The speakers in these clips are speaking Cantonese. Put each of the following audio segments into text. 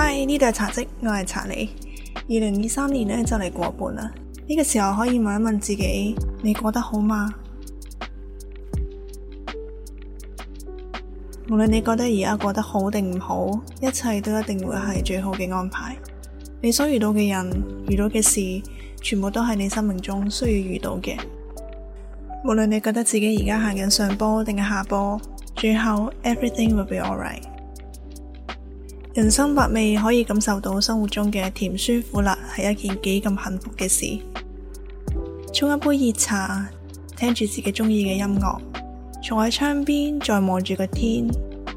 Hi，呢度係茶嘖，我係查理。二零二三年呢就嚟過半啦，呢個時候可以問一問自己，你過得好嗎？無論你覺得而家過得好定唔好，一切都一定會係最好嘅安排。你所遇到嘅人、遇到嘅事，全部都係你生命中需要遇到嘅。無論你覺得自己而家行緊上坡定係下坡，最後 everything will be alright。人生百味，可以感受到生活中嘅甜、酸、苦、辣，係一件幾咁幸福嘅事。沖一杯熱茶，聽住自己中意嘅音樂，坐喺窗邊，再望住個天，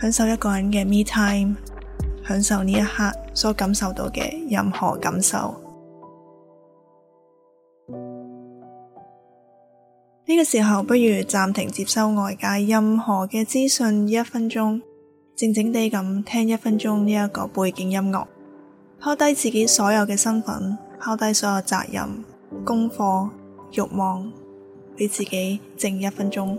享受一個人嘅 me time，享受呢一刻所感受到嘅任何感受。呢個時候，不如暫停接收外界任何嘅資訊，一分鐘。靜靜地咁聽一分鐘呢一個背景音樂，拋低自己所有嘅身份，拋低所有責任、功課、欲望，俾自己靜一分鐘。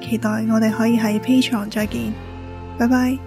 期待我哋可以喺 Patreon 再見，拜拜。